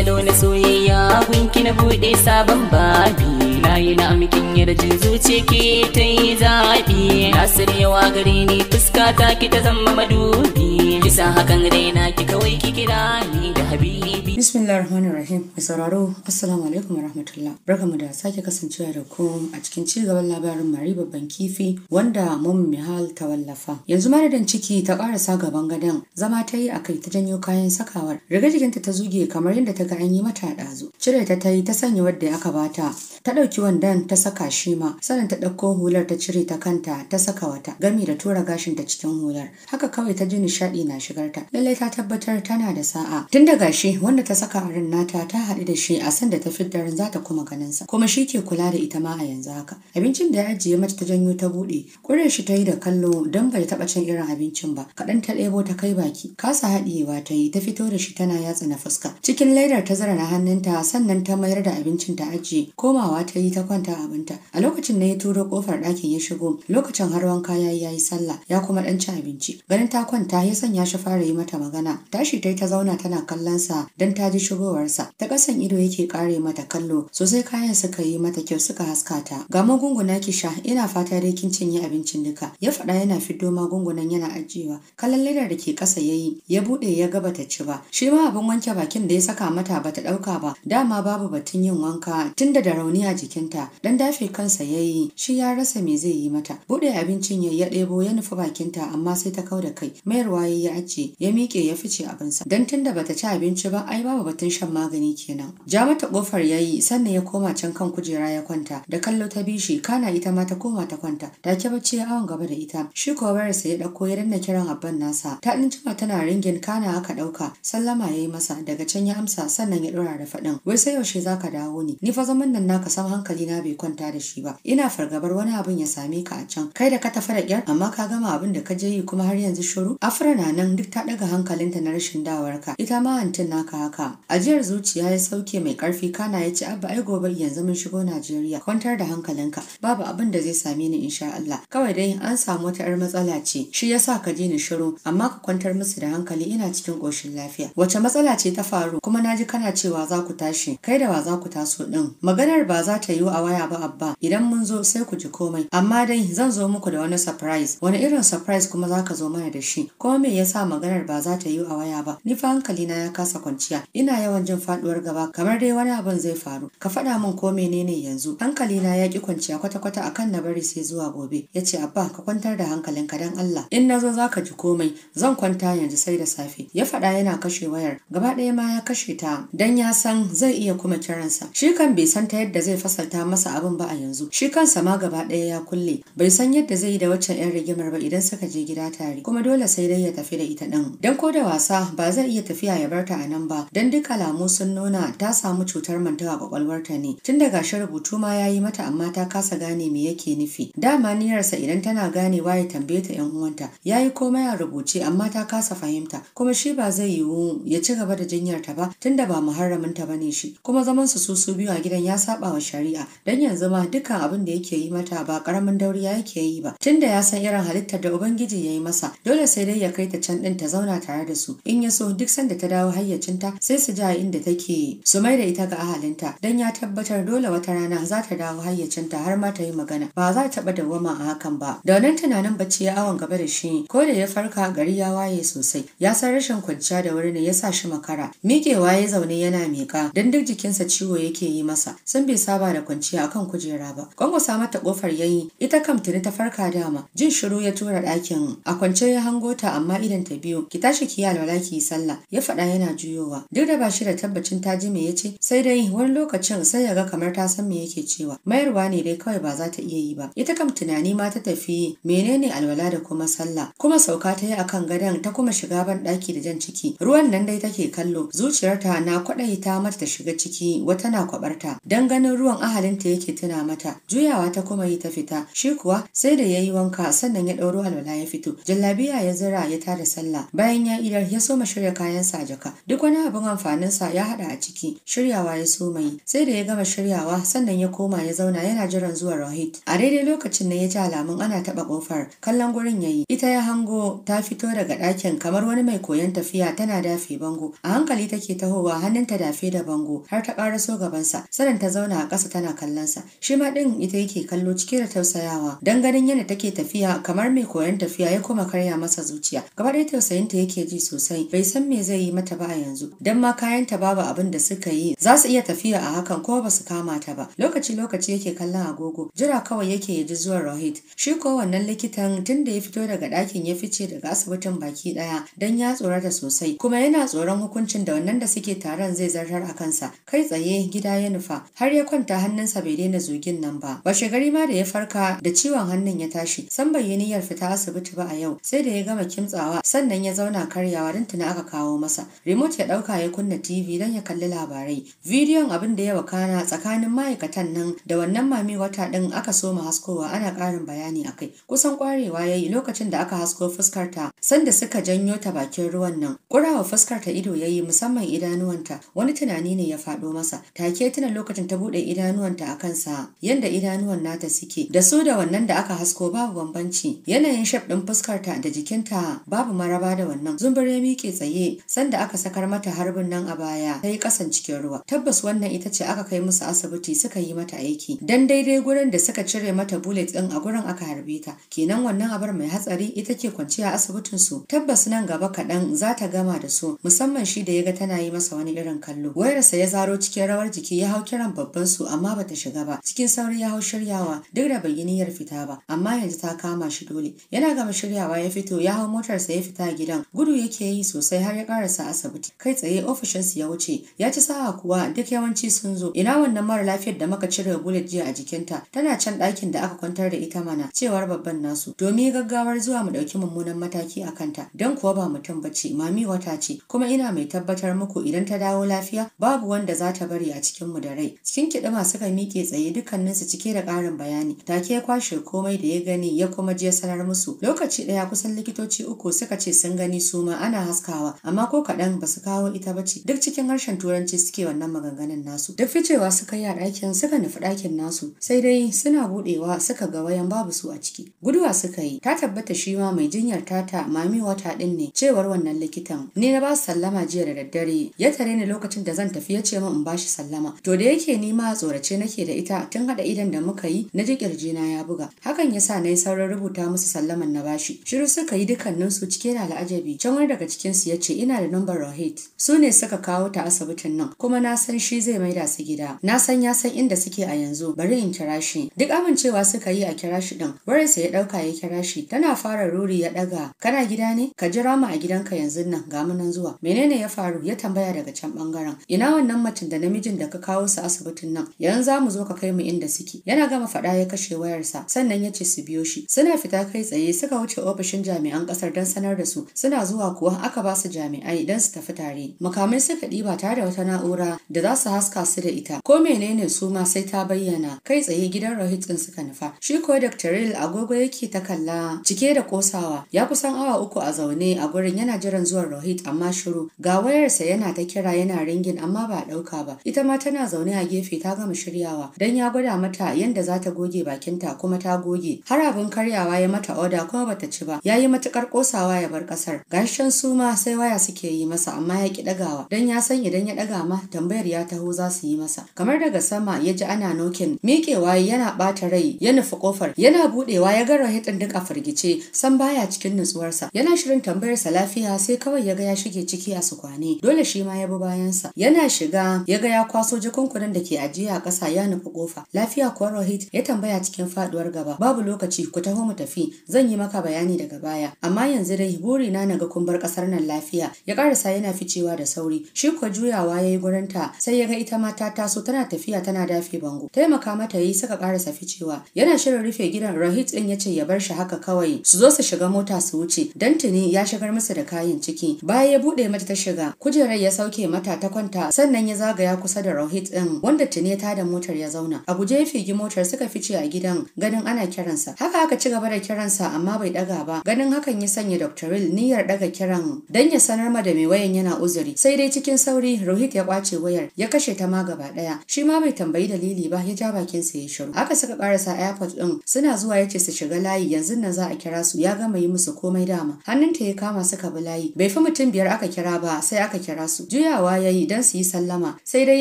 salo na soyayya gunki na bude sabon babi na yi na amikin yarjin zuci ke ta yi zaɓi na saryawa gare ni fuska ta ki ta zama madubi kisa hakan raina ki kawai ki kira ni da habibi gobe. Bismillahirrahmanirrahim. Mai sauraro, Assalamu alaikum warahmatullah. Barkamu da sake kasancewa da ku a cikin ci gaban labarin Mari babban kifi wanda Mum Mihal ta wallafa. Yanzu madadin ciki ta karasa gaban gadon, zama ta yi a kai ta janyo kayan sakawar. Riga jikinta ta zuge kamar yadda ta ga an yi mata ɗazu. Cire ta ta yi ta sanya wadda aka bata. Ta ɗauki wandan ta saka shi ma, sannan ta ɗauko hular ta cire ta kanta ta saka wata, gami da tura gashin ta cikin hular. Haka kawai ta ji nishaɗi na shigarta. Lallai ta tabbatar tana da sa'a. Tun da gashi, wanda ta saka ran nata ta haɗu da shi a sanda ta fidda ran za ta kuma ganin sa kuma shi ke kula da ita ma a yanzu haka abincin da ya ajiye mata ta janyo ta buɗe ƙure shi ta yi da kallo don bai taɓa cin irin abincin ba kaɗan ta ɗebo ta kai baki kasa haɗiyewa ta yi ta fito da shi tana yatsa na fuska cikin laidar ta zara na hannunta sannan ta mayar da abincin ta ajiye komawa ta yi ta kwanta abinta a lokacin na ya turo kofar ɗakin ya shigo lokacin har wanka ya yi sallah ya kuma ɗan ci abinci ganin ta kwanta ya sanya shi fara yi mata magana tashi ta yi ta zauna tana kallon sa don don ta ji shigowarsa ta kasan ido yake kare mata kallo sosai kayan suka yi mata kyau suka haska ta ga magunguna ki sha ina fata dai kin cinye abincin duka ya faɗa yana fiddo magungunan yana ajiyewa kallon ledar da ke kasa yayi ya buɗe ya ga ta ci ba shi ma abin wanke bakin da ya saka mata bata ɗauka ba dama babu batun yin wanka tunda da rauni a jikinta dan dafe kansa yayi shi ya rasa me zai yi mata buɗe abincin yayi ya ɗebo ya nufi bakinta amma sai ta kau da kai mayarwa ya ajiye ya miƙe ya fice abinsa dan tunda bata ci abinci ba ai ai babu batun shan magani kenan ja mata kofar yayi sannan ya koma can kan kujera ya kwanta da kallo ta bishi kana ita ma ta koma ta kwanta ta ke bacci ya awon gaba da ita shi ko wayarsa ya dauko ya danna kiran abban nasa ta din tana ringin kana haka dauka sallama yayi masa daga can ya amsa sannan ya dora da fadin wai sai yaushe zaka dawo ni ni fa zaman nan naka san hankali na bai kwanta da shi ba ina fargabar wani abin ya same ka a can kai da ka tafi da kyar amma ka gama abin da ka je yi kuma har yanzu shiru afra na nan duk ta daga hankalinta na rashin dawarka ita ma antin naka haka ajiyar zuciya ya sauke mai karfi kana ya ce abba ai gobe yanzu mun shigo najeriya kwantar da hankalinka babu abin da zai same ni insha allah kawai dai an samu wata 'yar matsala ce shi yasa ka je ni shiru amma ka kwantar musu da hankali ina cikin koshin lafiya wace matsala ce ta faru kuma na ji kana cewa za ku tashi kai da wa za ku taso din maganar ba za ta yiwu a waya ba abba idan mun zo sai ku ji komai amma dai zan zo muku da wani surprise wani irin surprise kuma za ka zo mana da shi kuma me yasa maganar ba za ta yiwu a waya ba ni fa hankalina ya kasa kwanciya ina yawan jin faduwar gaba kamar dai wani abin zai faru ka faɗa min ko menene yanzu hankali na ya ki kwanciya kwata-kwata akan na bari sai zuwa gobe ya ce abba ka kwantar da hankalin ka dan Allah in na zo za ka ji komai zan kwanta yanzu sai da safe ya faɗa yana kashe wayar gaba ɗaya ma ya kashe ta dan ya san zai iya kuma kiransa shi kan bai san ta yadda zai fasalta masa abin ba a yanzu shi kansa ma gaba ɗaya ya kulle bai san yadda zai yi da waccan 'yan rigimar ba idan suka je gida tare kuma dole sai dai ya tafi da ita ɗin dan ko da wasa ba zai iya tafiya ya bar ta a nan ba don duk alamu sun nuna ta samu cutar mantawa kwakwalwarta ne tun da gashi rubutu ma ya yi mata amma ta kasa gane me yake nufi dama niyarsa idan tana ganewa ya tambaye ta yan uwanta ya yi komai a rubuce amma ta kasa fahimta kuma shi ba zai yiwu ya ci gaba da jinyarta ba Tun da ba muharramin ta bane shi kuma zaman su su su biyu a gidan ya saba wa shari'a dan yanzu ma dukkan abin da yake yi mata ba karamin dauriya yake yi ba Tun da ya san irin halittar da ubangiji ya yi masa dole sai dai ya kai ta can din ta zauna tare da su in ya so duk sanda ta dawo hayyacinta sai su ja inda take su mai da ita ga ahalinta don ya tabbatar dole wata rana za ta dawo hayyacinta har ma ta yi magana ba za ta taɓa dawwama a hakan ba da wannan tunanin bacci ya awon gaba da shi ko da ya farka gari ya waye sosai ya san rashin kwanciya da wuri ne ya sa shi makara miƙewa ya zaune yana miƙa don duk jikinsa ciwo yake yi masa sun bai saba da kwanciya akan kujera ba kwangwasa mata kofar yayi ita kam tuni ta farka dama jin shiru ya tura ɗakin a kwance ya hango ta amma idan ta biyu ki tashi ki alwala ki yi sallah ya faɗa yana juyowa duk da ba shi da tabbacin ta ji me ya ce sai dai wani lokacin sai ya ga kamar ta san me yake cewa mayarwa ne dai kawai ba za ta iya yi ba ita kam tunani ma ta tafi menene alwala da kuma sallah kuma sauka ta yi akan gadon ta kuma shiga ban daki da jan ciki ruwan nan dai take kallo zuciyarta na kwaɗayi ta mata ta shiga ciki wata na kwabarta dan ganin ruwan ahalinta yake tuna mata juyawa ta kuma yi ta fita shi kuwa sai da yayi wanka sannan ya dauro alwala ya fito jallabiya ya zira ya tada sallah bayan ya idar ya soma shirya kayansa a jaka duk wani abu amfanin sa ya hada a ciki shiryawa ya so mai sai da ya gama shiryawa sannan ya koma ya zauna yana jiran zuwa rohit a daidai lokacin ne ya ji alamun ana taɓa kofar kallon gurin ya yi ita ya hango ta fito daga dakin, kamar wani mai koyon tafiya tana dafe bango a hankali take tahowa hannunta dafe da bango har ta karaso gabansa sanin ta zauna a ƙasa tana kallon sa. shi ma ɗin ita yake kallo cike da tausayawa dan ganin yadda take tafiya kamar mai koyon tafiya ya kuma karya masa zuciya gaba ɗaya tausayinta yake ji sosai bai san me zai yi mata ba a yanzu don ma kayanta babu abin da suka yi za su iya tafiya a hakan ko ba su kama ta ba lokaci lokaci yake kallon agogo jira kawai yake ya ji zuwan rohit shi ko wannan likitan tun da ya fito daga ɗakin ya fice daga asibitin baki ɗaya don ya tsorata sosai kuma yana tsoron hukuncin da wannan da suke taron zai zartar a kansa kai tsaye gida ya nufa har ya kwanta hannunsa bai daina zugin nan ba washe gari ma da ya farka da ciwon hannun ya tashi san bai yi niyyar fita asibiti ba a yau sai da ya gama kimtsawa sannan ya zauna karyawa don tuna aka kawo masa remote ya ɗauka ɗauka ya kunna TV don ya kalli labarai. Bidiyon abin da ya wakana tsakanin ma'aikatan nan da wannan mami wata ɗin aka soma haskowa ana ƙarin bayani a kai. Kusan ƙwarewa ya yi lokacin da aka hasko fuskarta sanda suka janyo ta bakin ruwan nan. Ƙurawa fuskarta ido ya yi musamman idanuwanta wani tunani ne ya faɗo masa. Take tuna lokacin ta buɗe idanuwanta a kansa yanda idanuwan nata suke da su da wannan da aka hasko babu bambanci yanayin shaf ɗin fuskarta da jikinta babu maraba da wannan zumbure miƙe tsaye sanda aka sakar mata harbin nan a baya ta yi kasan cikin ruwa tabbas wannan ita ce aka kai musu asibiti suka yi mata aiki dan daidai gurin da suka cire mata bullet din a gurin aka harbe ta kenan wannan abar mai hatsari ita ke kwanciya asibitin su tabbas nan gaba kaɗan za ta gama da su musamman shi da ya ga tana yi masa wani irin kallo wayarsa ya zaro cikin rawar jiki ya hau kiran babban su amma bata shiga ba cikin sauri ya hau shiryawa duk da bai yi niyyar fita ba amma yanzu ta kama shi dole yana gama shiryawa ya fito ya hau motarsa ya fita gidan gudu yake yi sosai har ya karasa asibiti kai tsaye tsaye su ya wuce ya ci sa'a kuwa duk yawanci sun zo ina wannan mara lafiyar da muka cire bullet jiya a jikinta tana can ɗakin da aka kwantar da ita mana cewar babban nasu domin gaggawar zuwa mu ɗauki mummunan mataki a kanta don kuwa ba mutum ba ce mami wata ce kuma ina mai tabbatar muku idan ta dawo lafiya babu wanda za ta bari a cikinmu da rai cikin kiɗima suka miƙe tsaye dukkaninsu cike da ƙarin bayani take ya kwashe komai da ya gani ya kuma je sanar musu lokaci ɗaya kusan likitoci uku suka ce sun gani suma ana haskawa amma ko kaɗan ba su kawo ita bace duk cikin harshen turanci suke wannan maganganun nasu duk ficewa suka yi a ɗakin suka nufi ɗakin nasu sai dai suna buɗewa suka ga wayan babu su a ciki guduwa suka yi ta tabbata shi ma mai jinyar tata mami wata ɗin ne cewar wannan likitan ni na ba sallama jiya da daddare ya tare ni lokacin da zan tafi ya ce min in bashi sallama to da yake ni ma tsorace nake da ita tun haɗa idan da muka yi na ji na ya buga hakan ya sa na yi sauran rubuta musu sallaman na bashi shiru suka yi dukkaninsu cike da al'ajabi can wani daga cikinsu ya ce ina da number rahit su ne suka kawo ta asibitin nan kuma na san shi zai maida su gida na san ya san inda suke a yanzu bari in kira shi duk amincewa suka yi a kira shi din wayarsa ya dauka ya kira shi tana fara ruri ya daga kana gida ne ka jira mu a gidanka yanzu nan ga mu nan zuwa menene ya faru ya tambaya daga can bangaren ina wannan macin da namijin da ka kawo su asibitin nan yanzu za mu zo ka kai mu inda suke yana gama faɗa ya kashe wayarsa sannan ya ce su biyo shi suna fita kai tsaye suka wuce ofishin jami'an kasar don sanar da su suna zuwa kuwa aka ba su jami'ai don su tafi tare makamai suka ɗiba tare da wata na'ura da za su haska su da ita ko menene su ma sai ta bayyana kai tsaye gidan rohit din suka nufa shi ko dr ril agogo yake ta kalla cike da kosawa ya kusan awa uku a zaune a gurin yana jiran zuwan rohit amma shiru ga wayarsa yana ta kira yana ringin amma ba ɗauka ba ita ma tana zaune a gefe ta gama shiryawa dan ya gwada mata yadda za ta goge bakinta kuma ta goge har abin karyawa ya mata oda kuma bata ci ba ya yi matukar kosawa ya bar ƙasar. gashin su ma sai waya suke yi masa amma ya ki dagawa dan ya san idan ya ɗaga ma tambayar ya taho za su yi masa kamar daga sama ya ji ana nokin miƙewa yana ɓata rai ya nufi kofar yana buɗewa ya ga rahitin duk a firgice san baya cikin nutsuwarsa yana shirin tambayarsa lafiya sai kawai ya ga ya shige ciki a sukwane dole shi ma ya bi bayansa yana shiga ya ga ya kwaso jakunkunan da ke ajiya a ƙasa ya nufi kofa lafiya kuwa rohit ya tambaya cikin faduwar gaba babu lokaci ku taho mu tafi zan yi maka bayani daga baya amma yanzu dai burina na ga kun bar ƙasar nan lafiya ya ƙarasa yana ficewa miƙewa da sauri shi kuwa juyawa ya yi gurinta sai ya ga ita ma ta taso tana tafiya tana dafe bango taimaka mata yi suka karasa ficewa yana shirin rufe gidan rahit din ya ce ya bar shi haka kawai su zo su shiga mota su wuce dan tuni ya shigar masa da kayan ciki bayan ya buɗe mata ta shiga kujerar ya sauke mata ta kwanta sannan ya zagaya kusa da rahit din wanda tuni ta da motar ya zauna a guje ya figi motar suka fice a gidan ganin ana kiransa haka aka ci gaba da kiransa amma bai daga ba ganin hakan ya sanya dr niyyar daga kiran dan ya sanar ma da mai wayan yana uzuri uzuri sai dai cikin sauri Rohit ya kwace wayar ya kashe ta ma gaba daya shi ma bai tambayi dalili ba ya ja bakin sa ya shiru aka saka karasa airport din suna zuwa yace su shiga layi yanzu nan za a kira su ya gama yi musu komai dama hannun ta ya kama suka bi layi bai fi mutum biyar aka kira ba sai aka kira su juyawa yayi dan su yi sallama sai dai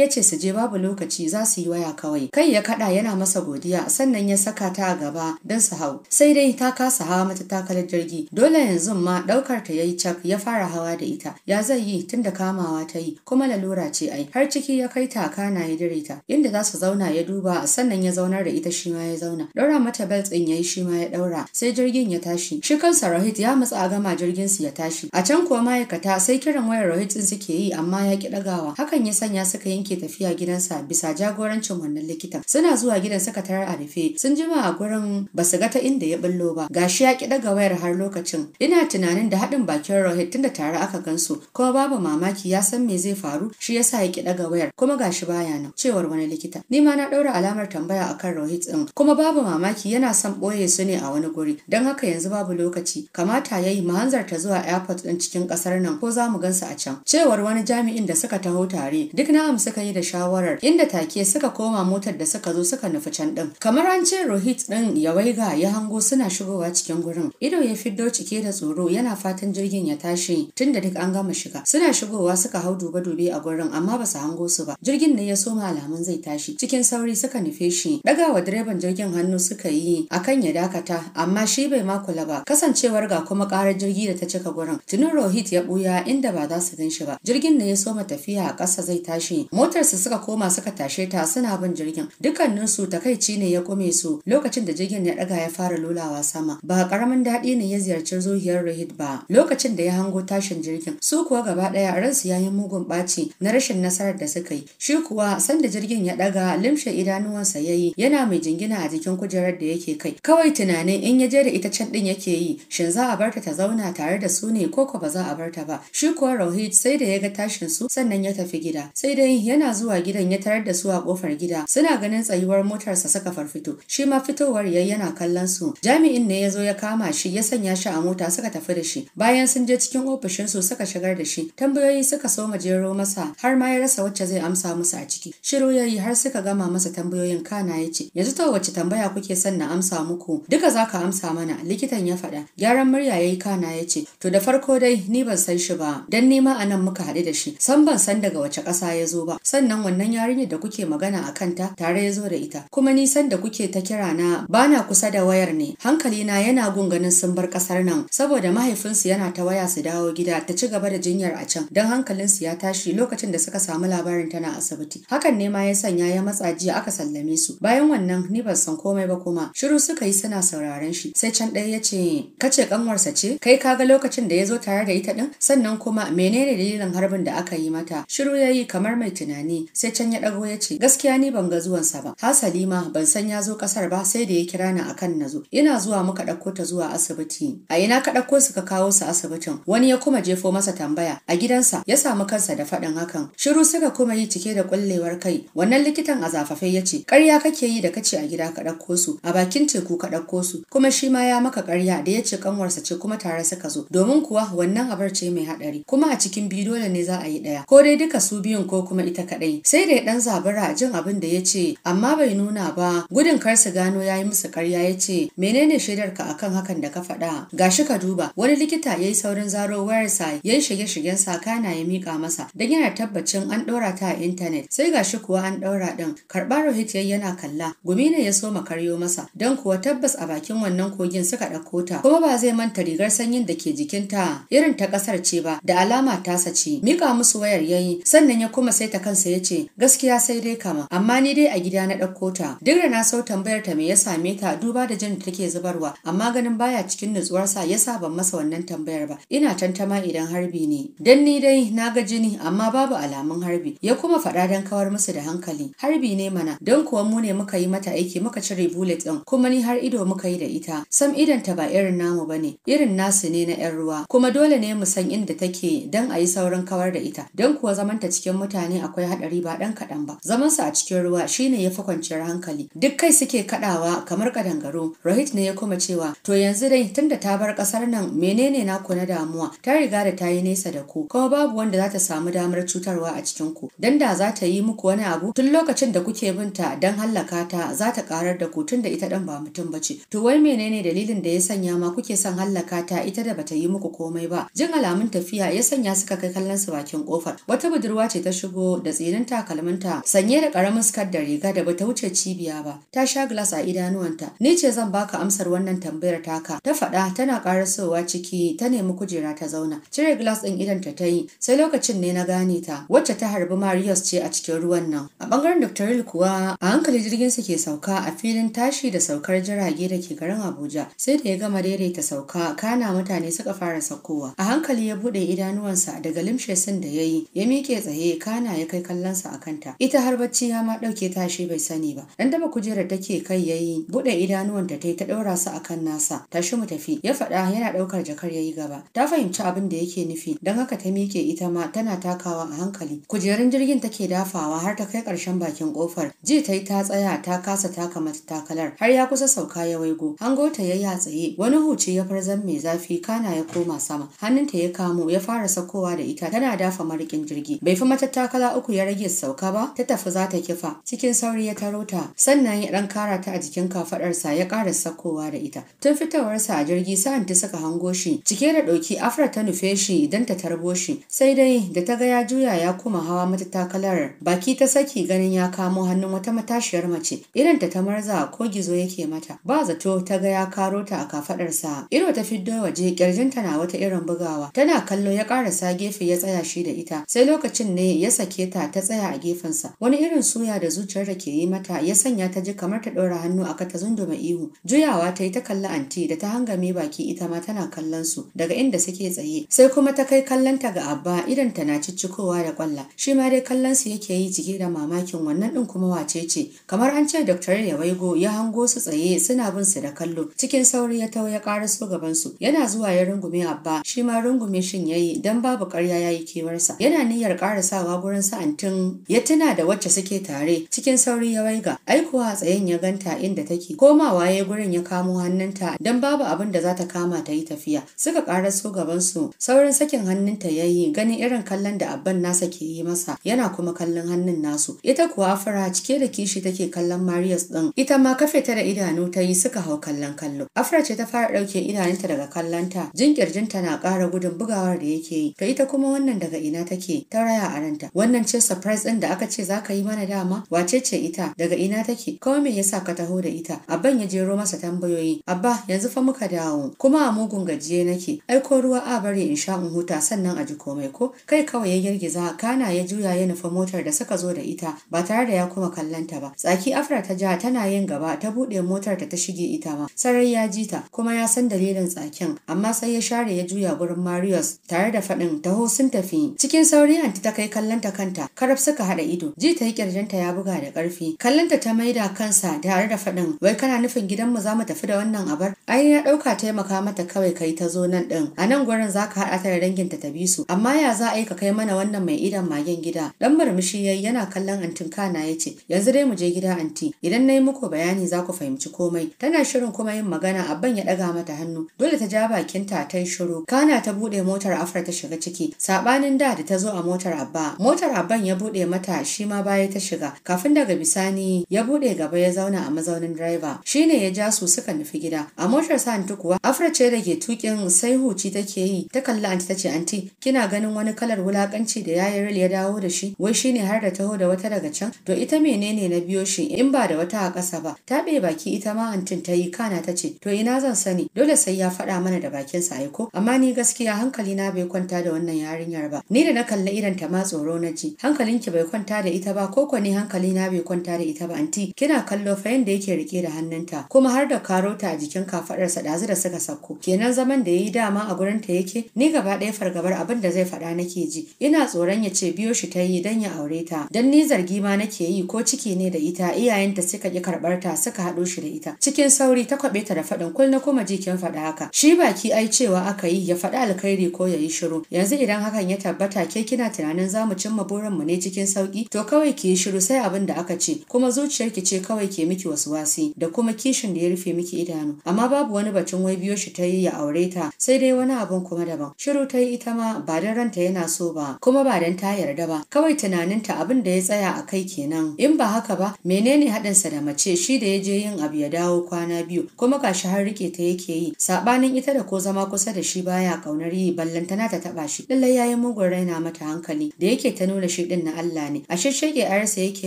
yace su je babu lokaci za su yi waya kawai kai ya kada yana masa godiya sannan ya saka ta a gaba dan su hau sai dai ta kasa hawa mata takalar jirgi dole yanzu ma daukar ta yayi cak ya fara hawa da ita ya zai yi tunda da kamawa ta yi kuma lalura ce ai har ciki ya kai ta kana ya dire inda za su zauna ya duba sannan ya zaunar da ita shi ma ya zauna daura mata bel din yayi shi ma ya daura sai jirgin ya tashi shi kansa Rohit ya matsa a gama jirgin su ya tashi a can kuwa ma'aikata sai kiran wayar Rohit din suke yi amma ya ki dagawa hakan ya sanya suka yanke tafiya gidansa bisa jagorancin wannan likitan suna zuwa gidan suka tarar a rufe sun jima a gurin basu ga ta inda ya bullo ba gashi ya ki daga wayar har lokacin ina tunanin da haɗin bakin Rohit tunda tare aka gansu kuma babu mama mamaki ya san me zai faru shi yasa ya ki daga wayar kuma gashi baya nan cewar wani likita ni ma na daura alamar tambaya akan Rohit din kuma babu mamaki yana son boye su ne a wani guri don haka yanzu babu lokaci kamata yayi mu hanzarta zuwa airport din cikin kasar nan ko za mu gansu a can cewar wani jami'in da suka taho tare duk na am suka yi da shawarar inda take suka koma motar da suka zo suka nufi can din kamar an ce Rohit din ya waiga ya hango suna shigowa cikin gurin ido ya fiddo cike da tsoro yana fatan jirgin ya tashi tunda duk an gama shiga suna shigo shigowa suka hau dube-dube a gurin amma ba su hango su ba jirgin ne ya soma alamun zai tashi cikin sauri suka nufe shi ɗagawa direban jirgin hannu suka yi akan ya dakata amma shi bai ma kula ba kasancewar ga kuma karar jirgi da ta cika gurin tunin rohit ya ɓuya inda ba za su gan shi ba jirgin ne ya soma tafiya a ƙasa zai tashi Motar su suka koma suka tashe ta suna bin jirgin dukkaninsu takaici ne ya kume su lokacin da jirgin ya ɗaga ya fara lolawa sama ba karamin daɗi ne ya ziyarci zuhiyar rohit ba lokacin da ya hango tashin jirgin su kuwa gaba ɗaya a yayin ya mugun ɓaci na rashin nasarar da suka yi shi kuwa sanda jirgin ya ɗaga limshe idanuwansa ya yi yana mai jingina a jikin kujerar da yake kai kawai tunanin in ya je da ita can ɗin yake yi shin za a bar ta ta zauna tare da su ne ko ko ba za a bar ta ba shi kuwa Rohit sai da ya ga tashin su sannan ya tafi gida sai dai yana zuwa gidan ya tarar da su a kofar gida suna ganin tsayuwar motarsa suka farfito shi ma fitowar yayi yana kallon su jami'in ne ya zo ya kama shi ya sanya shi a mota suka tafi da shi bayan sun je cikin ofishin su suka shigar da shi tambayoyi Tambayoyi suka so jero masa har ma ya rasa wacce zai amsa musu a ciki. Shiru ya har suka gama masa tambayoyin kana ya ce, Yanzu to wacce tambaya kuke son na amsa muku? Duka za ka amsa mana, likitan ya faɗa. Gyaran murya ya yi kana ya ce, To da farko dai ni ban san shi ba, dan nema a nan muka haɗu da shi, san ban san daga wace ƙasa ya zo ba. Sannan wannan yarinyar da kuke magana a kanta tare ya zo da ita. Kuma ni san da kuke ta kira na bana kusa da wayar ne, hankali na yana gunganin ganin sun bar ƙasar nan, saboda mahaifinsu yana ta waya su dawo gida ta ci gaba da jinyar a can. don su ya tashi lokacin da suka samu labarin tana asibiti. Hakan ne ma ya sanya ya matsa jiya aka sallame su. Bayan wannan ni ban san komai ba kuma. Shiru suka yi suna sauraren shi. Sai can ɗaya ya ce "Ka ce kanwarsa ce kai ka ga lokacin da ya zo tare da ita ɗin sannan kuma menene dalilin harbin da aka yi mata. Shiru ya yi kamar mai tunani sai can ya ɗago ya ce gaskiya ni ban ga zuwansa ba. Hasali ma ban san ya zo ƙasar ba sai da ya kira ni akan na zo. Ina zuwa muka ɗauko ta zuwa asibiti. A ina ka ɗauko su ka kawo su asibitin. Wani ya kuma jefo masa tambaya a gidansa kansa ya samu kansa da faɗin hakan shiru suka kuma yi cike da kullewar kai wannan likitan a zafafe ya ce ƙarya kake yi da kace a gida ka ɗauko su a bakin teku ka ɗauko su kuma shi ma ya maka ƙarya da ya ce kanwarsa ce kuma tare suka zo domin kuwa wannan abar ce mai haɗari kuma a cikin biyu dole ne za a yi ɗaya ko dai duka su biyun ko kuma ita kaɗai sai dai ɗan zabura jin abin da ya ce amma bai nuna ba gudun kar su gano ya yi musu ƙarya ya ce menene shaidarka akan hakan da ka faɗa gashi ka duba wani likita ya yi saurin zaro wayarsa ya yi shige-shigen sa kana ya mika masa dan yana tabbacin an ɗora ta a intanet sai gashi kuwa an ɗora ɗin karɓa Rohit yayi yana kalla gumi ne ya soma karyo masa don kuwa tabbas a bakin wannan kogin suka ɗauko ta kuma ba zai manta rigar sanyin da ke jikinta irin ta ƙasar ce ba da alama tasa ce mika musu wayar yayi sannan ya kuma sai ta kansa ya ce gaskiya sai dai kama amma ni dai a gida na ɗauko ta duk da na so tambayar ta me ya same ta duba da jin da take zubarwa amma ganin baya cikin nutsuwarsa yasa ban masa wannan tambayar ba ina tantama idan harbi ne dan ni dai na ga jini amma babu alamun harbi ya kuma faɗa don kawar musu da hankali harbi ne mana don kuwa mu ne muka yi mata aiki muka cire bullet ɗin kuma ni har ido muka yi da ita sam idan ta ba irin namu bane irin nasu ne na yan ruwa kuma dole ne mu san inda take don a yi saurin kawar da ita don kuwa zamanta cikin mutane akwai haɗari ba ɗan kaɗan ba zaman zamansa a cikin ruwa shine ya fi kwanciyar hankali duk kai suke kaɗawa kamar kadangaro rohit ne ya kuma cewa to yanzu dai tunda ta bar ƙasar nan menene naku na damuwa ta riga da ta yi nesa da ku kuma babu wanda za ta samu damar cutarwa a cikin ku dan da za ta yi muku wani abu tun lokacin da kuke binta dan hallaka ta za ta karar da ku tun da ita dan ba mutum bace to wai menene dalilin da ya sanya ma kuke son hallaka ta ita da bata yi muku komai ba jin alamun tafiya ya sanya suka kai kallon su bakin kofar wata budurwa ce ta shigo da tsinin takalminta sanye da karamin skirt da riga da bata wuce cibiya ba ta sha glass a idanuwanta ni ce zan baka amsar wannan tambayar taka ta faɗa tana karasowa ciki ta nemi kujera ta zauna cire glass din idanta ta yi sai lokacin ne na gane ta wacce ta harbi Marius ce a cikin ruwan nan. A bangaren Dr. Hill kuwa a hankali jirgin sa ke sauka a filin tashi da saukar jirage da ke garin Abuja sai da ya gama daidaita sauka kana mutane suka fara saukowa. A hankali ya bude idanuwansa daga limshe sun da yayi ya miƙe tsaye kana ya kai kallonsa a kanta. Ita har bacci ya ma ɗauke tashi bai sani ba. Dan daba kujerar take kai yayi bude idanuwan da ta ta daura su akan nasa. Tashi mu tafi ya faɗa yana ɗaukar jakar yayi gaba. Ta fahimci abin da yake nufi don haka ta miƙe ke ita ma tana takawa a hankali. Kujerun jirgin take dafawa har ta kai ƙarshen bakin ƙofar. Ji ta yi ta tsaya ta kasa taka mata takalar har ya kusa sauka ya waigo. Hango ta yayi a tsaye wani huce ya farzan mai zafi kana ya koma sama. Hannunta ya kamo ya fara sakowa da ita tana dafa marikin jirgi. Bai fi mata takala uku ya rage sauka ba ta tafi za ta kifa. Cikin sauri ya taro ta sannan ya ɗan kara ta a jikin kafaɗarsa ya kara sakowa da ita. Tun fitowarsa a jirgi sa'an ta saka hango shi cike da ɗauki afra ta nufe shi idan ta tarbo shi sai dai da ta ga ya juya ya kuma hawa mata takalar. baki ta saki ganin ya kamo hannun wata matashiyar mace irin ta ta marza ko gizo yake mata ba zato ta ga ya karo ta a kafadarsa iro ta fiddo waje kirjinta na wata irin bugawa tana kallo ya karasa gefe ya tsaya shi da ita sai lokacin ne ya sake ta ta tsaya a gefensa wani irin suya da zuciyar da ke yi mata ya sanya ta ji kamar ta ɗora hannu a ta zunduma ihu juyawa ta yi ta kalli anti da ta hangame baki ita ma tana kallon su daga inda suke tsaye sai kuma ta kai kallon ta ga abba idan tana ciccikowa da kwalla shi ma dai kallon su yake yi cike da mamakin wannan din kuma wace ce kamar an ce Dr. ya waigo ya hango su tsaye suna bin su da kallo cikin sauri ya tawo ya karaso gaban su yana zuwa ya rungume abba shi ma rungume shin yayi dan babu ƙarya yayi kewarsa yana niyyar karasawa gurin sa antin ya tuna da wacce suke tare cikin sauri ya waiga aikuwa a tsayen ya ganta inda take komawa ya gurin ya kamo hannunta dan babu abin da za ta kama ta yi tafiya suka karaso gaban su saurin sakin hannunta yayi yi ganin irin kallon da abban nasa ke yi masa yana kuma kallon hannun nasu ita kuwa afra cike da kishi take kallon marius din ita ma kafe ta da idanu ta yi suka hau kallon kallo afra ce ta fara ɗauke idanunta daga kallonta jin kirjinta na kara gudun bugawar da yake yi to ita kuma wannan daga ina take ta raya a ranta wannan ce surprise din da aka ce za ka yi mana dama wace ce ita daga ina take kawai me yasa ka taho da ita abban ya jero masa tambayoyi abba yanzu fa muka dawo kuma a mugun gajiye nake aiko ruwa a bari in sha in huta sannan a ji komai ko kai kawai ya girgiza kana ya juya ya nufa motar da suka zo da ita ba tare da ya kuma kallanta ba tsaki afra ta ja tana yin gaba ta buɗe motar ta ta shige ita ma sarai ya ji ta kuma ya san dalilin tsakin amma sai ya share ya juya gurin marius tare da faɗin taho sun tafi cikin sauri anti ta kai kallanta kanta karaf suka haɗa ido ji ta yi kirjinta ya buga da ƙarfi kallanta ta maida kansa tare da faɗin wai kana nufin gidanmu za mu tafi da wannan abar ai ya ɗauka taimaka mata kawai kai ta zo nan ɗin a nan gurin za ka haɗa ta da danginta ta bi su amma ya za a yi ka kai mana wannan mai idan magen gida dan murmushi yayi yana kallon antin kana ya ce yanzu dai mu je gida anti idan na yi muku bayani za ku fahimci komai tana shirin kuma yin magana abban ya ɗaga mata hannu dole ta ja bakin ta yi shiru kana ta buɗe motar afra ta shiga ciki saɓanin da da ta zo a motar abba motar abban ya buɗe mata shi ma baya ta shiga kafin daga bisani ya buɗe gaba ya zauna a mazaunin driver shine ya ja su suka nufi gida a motar sa anti kuwa afra ce da ke tukin sai huci take yi ta kalli anti ta anti kina ina ganin wani kalar wulakanci da ril ya dawo da shi wai shine har da taho da wata daga can to ita menene na biyo shi in ba da wata a ƙasa ba Ta be baki ita ma antin ta yi kana ta ce to ina zan sani dole sai ya faɗa mana da bakinsa ai ko amma ni gaskiya hankali na bai kwanta da wannan yarinyar ba ni da na kalli irin ta ma tsoro na ji Hankalin ki bai kwanta da ita ba ko ne hankali na bai kwanta da ita ba anti kina kallo fa yanda yake rike da hannunta kuma har da karota a jikin kafadarsa ɗazu da suka sauko kenan zaman da yayi dama a gurin ta yake ni gaba ɗaya fargabar abin da da zai faɗa nake ji ina tsoron ya ce biyo shi ta yi don ya aure ta don ni zargi ma nake yi ko ciki ne da ita iyayenta suka ki karɓar ta suka haɗo shi da ita cikin sauri ta kwaɓe ta da faɗin kul na kuma kin faɗa haka shi baki ai cewa aka yi ya faɗa alkhairi ko ya yi shiru yanzu idan hakan ya tabbata ke kina tunanin za mu cimma mu ne cikin sauki to kawai ki yi shiru sai abin da aka ce kuma zuciyarki ce kawai ke miki wasu wasi da kuma kishin da ya rufe miki idanu amma babu wani bacin wai biyo shi ta yi ya aure ta sai dai wani abun kuma daban shiru ta yi ita ma ba ba don ranta yana so ba kuma ba don ta yarda ba kawai tunaninta abin da ya tsaya a kai kenan in ba haka ba menene haɗinsa da mace shi da ya je yin abu ya dawo kwana biyu kuma gashi har rike ta yake yi saɓanin ita da ko zama kusa da shi baya ƙaunar yi tana ta taɓa shi lallai yayi mugun raina mata hankali da yake ta nuna shi ɗin na Allah ne ashe shege ayarsa yake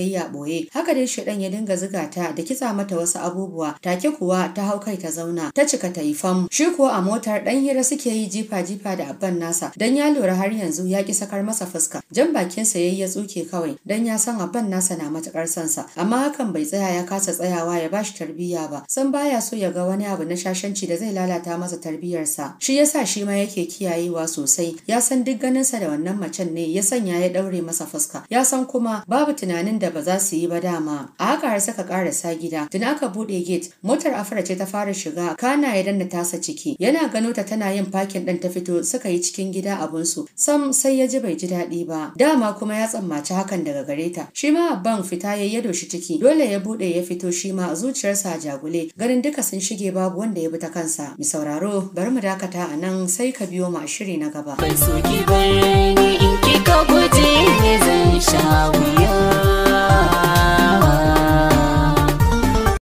yi a ɓoye haka dai shi ya dinga zuga ta da kitsa mata wasu abubuwa take kuwa ta hau kai ta zauna ta cika ta yi fam shi kuwa a motar ɗan hira suke yi jifa jifa da abban nasa dan ya lura har yanzu ya ki sakar masa fuska jan bakinsa yayi ya tsuke kawai don ya san abban nasa na matakar sansa amma hakan bai tsaya ya kasa tsayawa ya bashi tarbiyya ba san baya so ya ga wani abu na shashanci da zai lalata masa tarbiyarsa shi yasa shi ma yake kiyayewa sosai ya san duk ganinsa da wannan macen ne ya sanya ya daure masa fuska ya san kuma babu tunanin da ba za su yi ba dama a haka har suka karasa gida tun aka bude gate motar afra ce ta fara shiga kana ya danna tasa ciki yana gano ta tana yin fakin ɗin ta fito suka yi cikin gida abun su sam sai ya ji bai ji daɗi ba dama kuma ya tsammaci hakan daga gare ta shi ma abban fita ya yado shi ciki dole ya buɗe ya fito shi ma zuciyarsa a jagule ganin duka sun shige babu wanda ya bi ta kansa mi sauraro bari mu dakata a nan sai ka biyo ma shiri na gaba ban soki in ki guje ne zan sha